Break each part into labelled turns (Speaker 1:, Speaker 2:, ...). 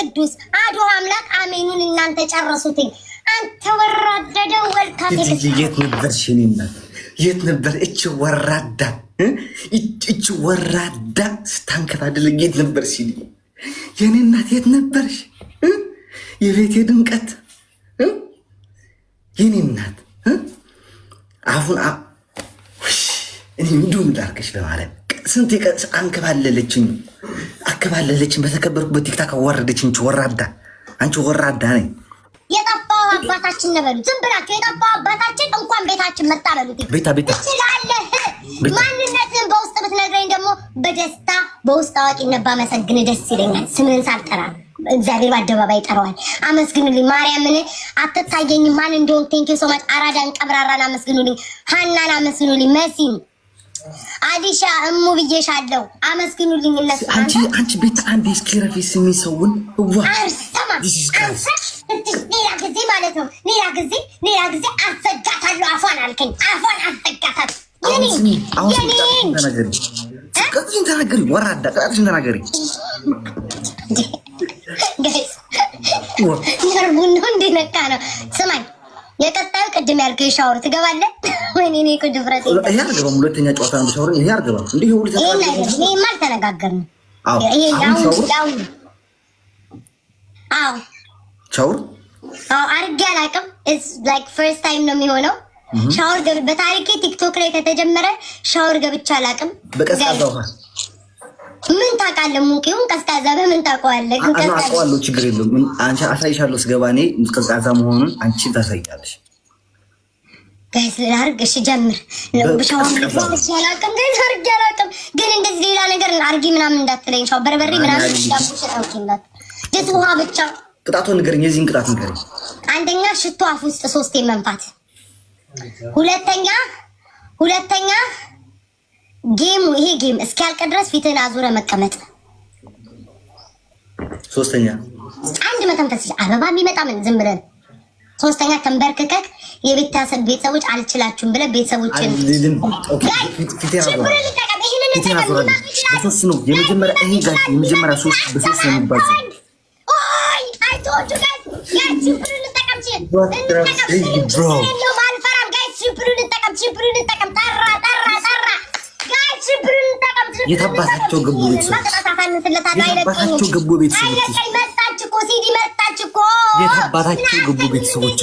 Speaker 1: ቅዱስ አዶ አምላክ አሜኑን እናንተ ጨረሱትኝ። አንተ ወራዳ ደወልካ
Speaker 2: የት ነበርሽ? የት ነበር እች ወራዳ እች ወራዳ የት የኔ እናት የት ነበርሽ? የቤቴ ድምቀት የኔ እናት አሁን እኔ በማለት ስንት ቀን አንከባለለችኝ አከባለለችኝ። በተከበርኩ በቲክታክ አዋረደችኝ። ወራዳ አንቺ ወራዳ ነኝ።
Speaker 1: የጠፋው አባታችን ነበሩ። ዝም ብላችሁ የጠፋው አባታችን እንኳን ቤታችን መጣ በሉት። ቤታ ቤታ ትችላለህ። ማንነትን በውስጥ ብትነግረኝ ደግሞ በደስታ በውስጥ አዋቂነት ባመሰግን ደስ ይለኛል። ስምህን ሳልጠራ እግዚአብሔር በአደባባይ ይጠራዋል። አመስግኑልኝ ማርያምን አትታየኝም። ማን እንደሆን ቴንኪ ሶማች አራዳን ቀብራራን አመስግኑልኝ። ሀናን አመስግኑልኝ መሲን አዲሻ እሙ ብዬሻለሁ። አመስግኑልኝ
Speaker 2: እነሱ አንቺ አንቺ ቤት አንድ ስኪረፊ ስሚ ሰውን
Speaker 1: ሌላ ጊዜ ማለት ነው። ሌላ ጊዜ ሌላ ጊዜ አዘጋታለሁ። አፏን አልከኝ፣ አፏን አዘጋታለሁ።
Speaker 2: ቀጥሽን ተናገሪ፣ ወራዳ ቀጥሽን ተናገሪ።
Speaker 1: ነርቡን ነው እንደነካ ነው። ስማኝ፣ የቀጣዩ ቅድም ያልከው የሻወር ትገባለህ እኔ እኮ ድፍረት ይሄ
Speaker 2: አልገባም። ሁለተኛ ጨዋታ ነው ሻወር ይሄ አልገባም።
Speaker 1: እንዲህ ሁሉ አልተነጋገርንም። ሻወር አድርጌ አላውቅም። ኢትስ ላይክ ፈርስት ታይም ነው የሚሆነው። ሻወር ገብ በታሪኬ ቲክቶክ ላይ ከተጀመረ ሻወር ገብቼ አላውቅም። በቀዝቃዛ ውሃ ምን ታውቃለህ? ሙቂውን ቀዝቃዛ በምን ታውቀዋለህ?
Speaker 2: ቀዝቃዛ አውቀዋለሁ። ችግር የለውም። አንቺ አሳይሻለሁ ስገባ እኔ ቀዝቃዛ መሆኑን አንቺ ታሳያለሽ።
Speaker 1: ጋይስ ላርግ እሺ፣ ጀምር ብቻውን ጋይስ አላውቅም። ግን እንደዚህ ሌላ ነገር አርጊ ምናምን እንዳትለኝ፣ ሻው በርበሬ ምናምን ውሃ ብቻ።
Speaker 2: ንገረኝ፣ የዚህን ቅጣት ንገረኝ።
Speaker 1: አንደኛ ሽቶ አፍ ውስጥ ሶስቴ መንፋት፣ ሁለተኛ ሁለተኛ ጌሙ ይሄ ጌም እስኪያልቅ ድረስ አዙረ መቀመጥ፣ ሶስተኛ አንድ መተንፈስ አበባ የሚመጣ ምን ዝም ብለን፣ ሶስተኛ ተንበርክከክ የቤተሰብ ቤተሰቦች አልችላችሁም ብለህ ቤተሰቦችን
Speaker 2: የታባታቸው ቤተሰቦች የታባታቸው ቤተሰቦች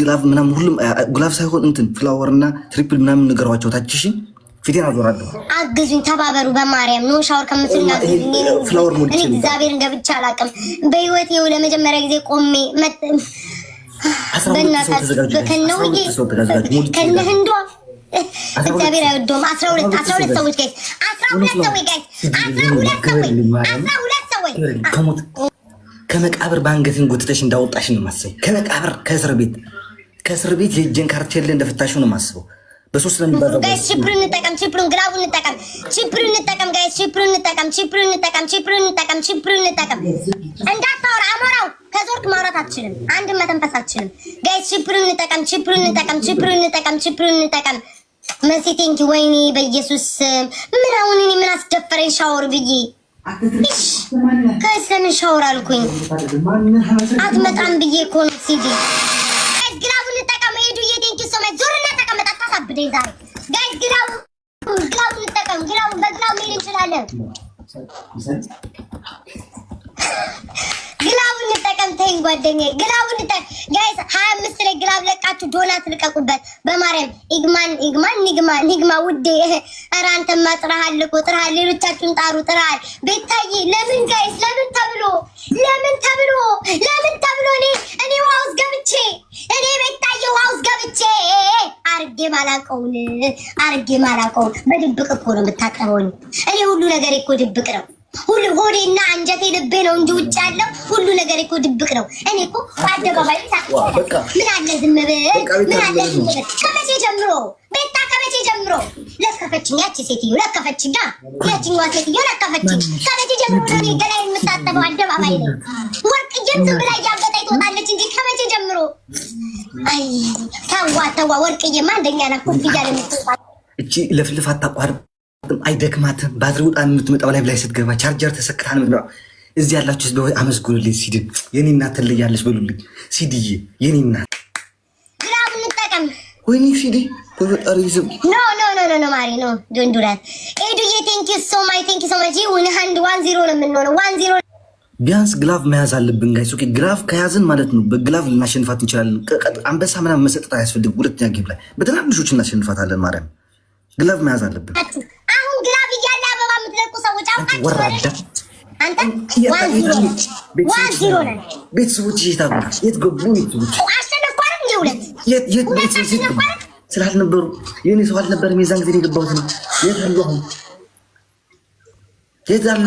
Speaker 2: ግላቭ ምናምን ሁሉም ግላቭ ሳይሆን እንትን ፍላወር እና ትሪፕል ምናምን ንገሯቸው። ታችሽ ፊቴን አዞራለሁ። አግዙኝ፣ ተባበሩ በማርያም ኖ ሻወር ከምትልና ፍላወር ሞልቼ እኔ እግዚአብሔር እንደብቻ አላውቅም። በህይወት ይኸው ለመጀመሪያ ጊዜ ቆሜ በእናታችሁ ከነውዬ ከነ ህንዷ እግዚአብሔር አይወደውም። አስራ ሁለት አስራ ሁለት ሰዎች ጋይስ፣ አስራ ሁለት ሰዎች ጋይስ፣ አስራ ሁለት ሰዎች አስራ ሁለት ሰዎች ከመቃብር በአንገቴን ጎትተሽ እንዳወጣሽ ነው የማስበው። ከመቃብር ከእስር ቤት ከእስር ቤት የእጄን ካርቴል እንደፈታሽ ነው የማስበው። በሶስት ለሚባለው ጋይስ ቺፕሩን እንጠቀም፣ ቺፕሩን ግራቡ እንጠቀም፣ ቺፕሩን እንጠቀም፣ ጋይስ ቺፕሩን እንጠቀም፣ ቺፕሩን እንጠቀም፣ ቺፕሩን እንጠቀም፣ ቺፕሩን እንጠቀም። እንዳታወራ አሞራው ከዞርክ ማውራት አትችልም፣ አንድ መተንፈስ አትችልም። ጋይስ ቺፕሩን ቺፕሩን ቺፕሩን ቺፕሩን ወይኔ በኢየሱስ ምን አሁን እኔ ምን አስደፈረኝ ሻወር ብዬ ከሰን ሻወር አትመጣም ብዬ እኮ ነው። ሲዲ ጋይስ ግላቡን እንጠቀም። ሄዱ የቴንኪ ሶ ማች ዞርና ተቀመጥ፣ አታሳብደኝ ዛሬ። ጋይስ ግላቡ ግላቡን እንጠቀም። ግላቡን በግላቡ መሄድ እንችላለን። ግላቡን እንጠቀም። ተይኝ ጓደኛዬ፣ ግላቡን እንጠቀም። ጋይስ ሀያ አምስት ላይ ግላብ ለቃችሁ ዶናት ልቀቁበት በማርያም ኢግማን ኢግማን ኒግማ ኒግማ ውዴ፣ ኧረ አንተማ ጥረሃል እኮ ጥረሃል። ሌሎቻችሁን ጣሩ ጥረሃል። ቤታዬ ለምን ጋይስ ለምን ተብሎ ለምን ተብሎ ለምን ተብሎ እኔ እኔ ውሃ ውስጥ ገብቼ እኔ ቤታዬ ውሃ ውስጥ ገብቼ አርጌ ማላቀውን አርጌ ማላቀውን በድብቅ እኮ ነው የምታቀበውን። እኔ ሁሉ ነገር እኮ ድብቅ ነው። ሁሉ ሆዴና አንጀቴ ልቤ ነው እንጂ ውጭ ያለው ሁሉ ነገር እኮ ድብቅ ነው። እኔ እኮ በአደባባይ ምን አለ ዝም ብል ምን አለ ዝም ብል። ከመቼ ጀምሮ ቤታ፣ ከመቼ ጀምሮ ለከፈችኝ? ያቺ ሴትዮ ለከፈችኝ፣ ያቺኛዋ ሴትዮ ለከፈችኝ። ከመቼ ጀምሮ ነው እኔ ገላዬን የምታጠበው? አደባባይ ነው ወርቅዬም ዝም ብላ እያበጠኝ ትወጣለች እንጂ ከመቼ ጀምሮ? አይ ተዋ ተዋ፣ ወርቅዬማ አንደኛ ናት። ኩፍያ ለምትወጣ እቺ ለፍልፍ አታቋርም አይደክማትም። ባትሪ ውጣ የምትመጣው ላይ ላይ ስትገባ ቻርጀር ተሰክታን ምትመጣ እዚህ ያላችሁ ስለ አመስግኑልኝ። ሲድን የኔ እናት ትለያለች በሉልኝ። ሲድዬ የኔ እናት ግራም እንጠቀም። ወይኔ ሲዲ ዝም ኖ ኖ ኖ ኖ ኖ ማሪ ኖ ዱ ዳት ዩ ሶ ዩ ሶ ማች ዩ ሃንድ ነው የምንሆነው። ቢያንስ ግላቭ መያዝ አለብን ጋይስ። ኦኬ ግላፍ ከያዝን ማለት ነው በግላፍ ልናሸንፋት እንችላለን። አንበሳ ምናምን መሰጠት አያስፈልግም። ሁለተኛ ጌም ላይ በትናንሾች እናሸንፋታለን። ማርያም ግላቭ መያዝ አለብን። ወራዳ ቤተሰቦች የት ገቡ? ስላልነበሩ የኔ ሰው አልነበረም። የዛን ጊዜ የገባሁት ነው። የት አሉ? አሁን የት አሉ?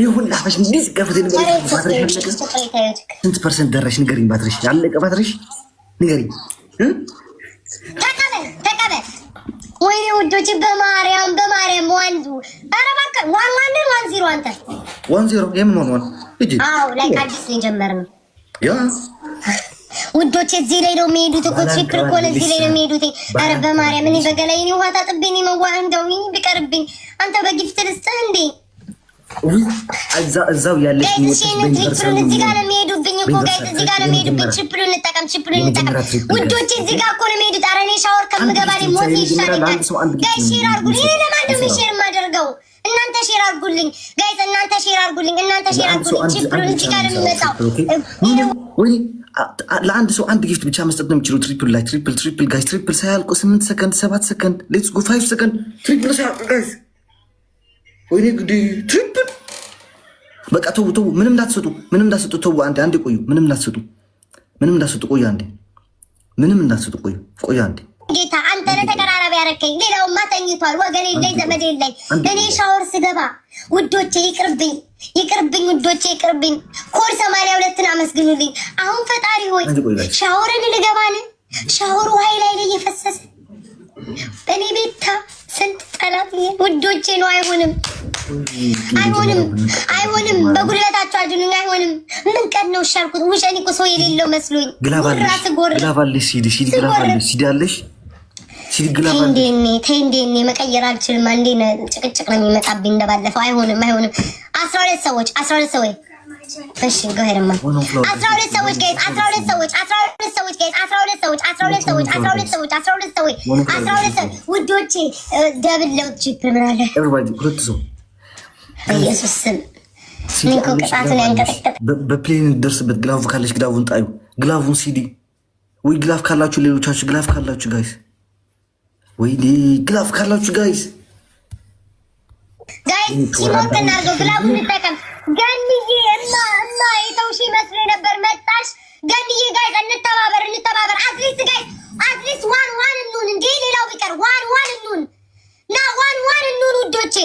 Speaker 2: ይህ ሁላ እንዴት ገፍት ስንት ፐርሰንት ደረሽ? ንገሪኝ። ባትሪሽ ያለቀ ባትሪሽ ንገሪኝ። ወይኔ ውዶች በማርያም በማርያም ዋን ኧረ እባክህ ዋን ዋን ዋን ዜሮ አንተ ዋን ዜሮ የምን ዋን ዋን እጅ አዎ ላይ ከአዲስ ነው የጀመርነው። ያ ውዶች እዚህ ላይ ነው የሚሄዱት እኮ ችግር እኮ እዚህ ላይ ነው የሚሄዱት። ኧረ በማርያም እኔ በገላይ ነው ውሃ ታጥቤ ነው መዋህ እንደው ይሄ ቢቀርብኝ አንተ በጊፍት ልስጥህ እንዴ እዛው ጋር ነው እኮ ጋይስ እዚህ ጋር ነው የሚሄዱበት። ችፕሉ እንጠቀም፣ ችፕሉ እንጠቀም ውዶች። እዚህ ጋር እኮ ነው የሚሄዱት። ኧረ እኔ ሻወር ከምገባ ሞት ይሻለኛል። ጋይስ ሼር አድርጉልኝ። ይሄ ለማንድ ነው ሼር የማደርገው? እናንተ ሼር አድርጉልኝ ጋይስ፣ እናንተ ሼር አድርጉልኝ፣ እናንተ ሼር አድርጉልኝ። ችፕሉ እዚህ ጋር ነው የሚመጣው። ለአንድ ሰው አንድ ጊፍት ብቻ መስጠት ነው የሚችሉ። ትሪፕል ላይ ትሪፕል ትሪፕል ጋይስ፣ ትሪፕል ሳያልቁ ስምንት ሰከንድ ሰባት ሰከንድ ሌትስ ጎ ፋይቭ ሰከንድ ትሪፕል ሳያልቁ ጋይስ፣ ወይኔ ግድ ትሪፕል በቃ ተው ተው፣ ምንም እንዳትሰጡ፣ ምንም እንዳትሰጡ፣ ተው። አንዴ አንዴ ቆዩ፣ ምንም እንዳትሰጡ፣ ምንም እንዳትሰጡ፣ ቆዩ፣ አንዴ ምንም እንዳትሰጡ፣ ቆዩ፣ ቆዩ፣ አንዴ ጌታ አንተ ለተቀራራቢ ያረከኝ። ሌላውማ ተኝቷል። ወገኔ ላይ ዘመዴ ላይ እኔ ሻወር ስገባ ውዶቼ ይቅርብኝ፣ ይቅርብኝ፣ ውዶቼ ይቅርብኝ። ኮድ ሰማንያ ሁለትን አመስግኑልኝ። አሁን ፈጣሪ ሆይ ሻወርን ልገባን ሻወሩ ውሃይ ላይ ላይ የፈሰሰ እኔ ቤታ ስንት ጠላት ውዶቼ ነው አይሆንም አይሆንም፣ አይሆንም። በጉልበታቸው አድኑኝ። አይሆንም። ምን ቀን ነው ሻልኩት? ውሸት። እኮ ሰው የሌለው መስሎኝ ግላባለሽ። ሲዲ ሲዲ መቀየር አልችልም። እንዴ ጭቅጭቅ ነው የሚመጣብኝ እንደባለፈው። አይሆንም አይሆንም። አስራ ሁለት ሰዎች አስራ ሁለት ሰዎች እሺ፣ ገሄርማ አስራ ሁለት ሰዎች ጋይዝ አስራ ሁለት ሰዎች አስራ ሁለት ሰዎች ጋይዝ አስራ ሁለት ሰዎች አስራ ሁለት ሰዎች አስራ ሁለት ሰዎች አስራ ሁለት ሰዎች አስራ ሁለት ሰዎች ውዶቼ ደብል ለውጥ ችግር ምናለ ሁለት ሰው በኢየሱስ ስም እኮ ቅጣቱን ያንቀጠቅጥ። በፕሌን ደርስበት። ግላቭ ካለች ግላቡን ጣዩ። ግላቡን ሲዲ ወይ ግላፍ ካላችሁ ሌሎቻችሁ ግላፍ ካላችሁ ጋይስ ወይ ግላፍ ካላችሁ ጋይስ ጋይስ ዋን ዋን እንሁን እንዴ! ሌላው ቢቀር ዋን ዋን እንሁን ና ዋን ዋን እንሁን ውዶቼ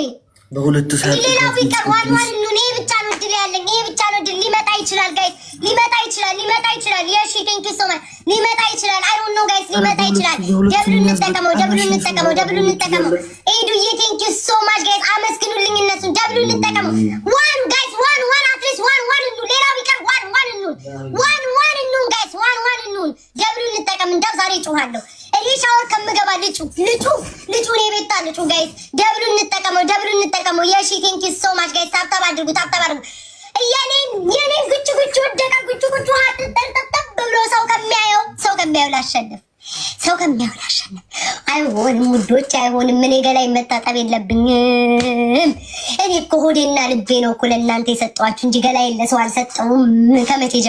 Speaker 2: በሁለት ሰዓት ሌላ ቢቀርባል ማለት ነው። ይሄ ብቻ ነው ድል ያለኝ። ይሄ ብቻ ነው ድል። ሊመጣ ይችላል ጋይስ፣ ሊመጣ ይችላል፣ ሊመጣ ይችላል። የሺ ቴንክ ሶ ማች ሊመጣ ይችላል። አይ ዶንት ኖ ጋይስ፣ ሊመጣ ይችላል። ደብሉ እንጠቀመው፣ ደብሉ እንጠቀመው፣ ደብሉ እንጠቀመው። ይሄ ዱዬ ቴንክ ዩ ሶ ማች ጋይስ፣ አመስግኑልኝ እነሱን። ደብሉ እንጠቀመው። ዋን ጋይስ፣ ዋን ዋን፣ አትሊስት ዋን ዋን እንሉ። ሌላ ቢቀር ዋን ዋን እንሉ፣ ዋን ዋን እንሉ ጋይስ፣ ዋን ዋን እንሉ። ደብሉ እንጠቀም። እንደው ዛሬ እጩሃለሁ እኔ ሻወር ከምገባ ልጩ ልጩ ልጩ፣ እኔ ቤታ ልጩ ጋይስ የሺ ቲንክ ዩ ሶ ማች ጋይስ። ታብታብ አድርጉ፣ ታብታብ አድርጉ። የኔን የኔን ጉጭ ጉጭ ወደቀ። ጉጭ ጉጭ ሀጥ ጠርጠብ ብሎ ሰው ከሚያየው ሰው ከሚያየው ላሸንፍ ሰው ከሚያየው ላሸንፍ። አይሆንም ውዶች፣ አይሆንም። እኔ ገላይ መታጠብ የለብኝም። እኔ እኮ ሆዴና ልቤ ነው እኮ ለእናንተ የሰጠኋችሁ እንጂ ገላይ ለሰው አልሰጠውም ከመቼ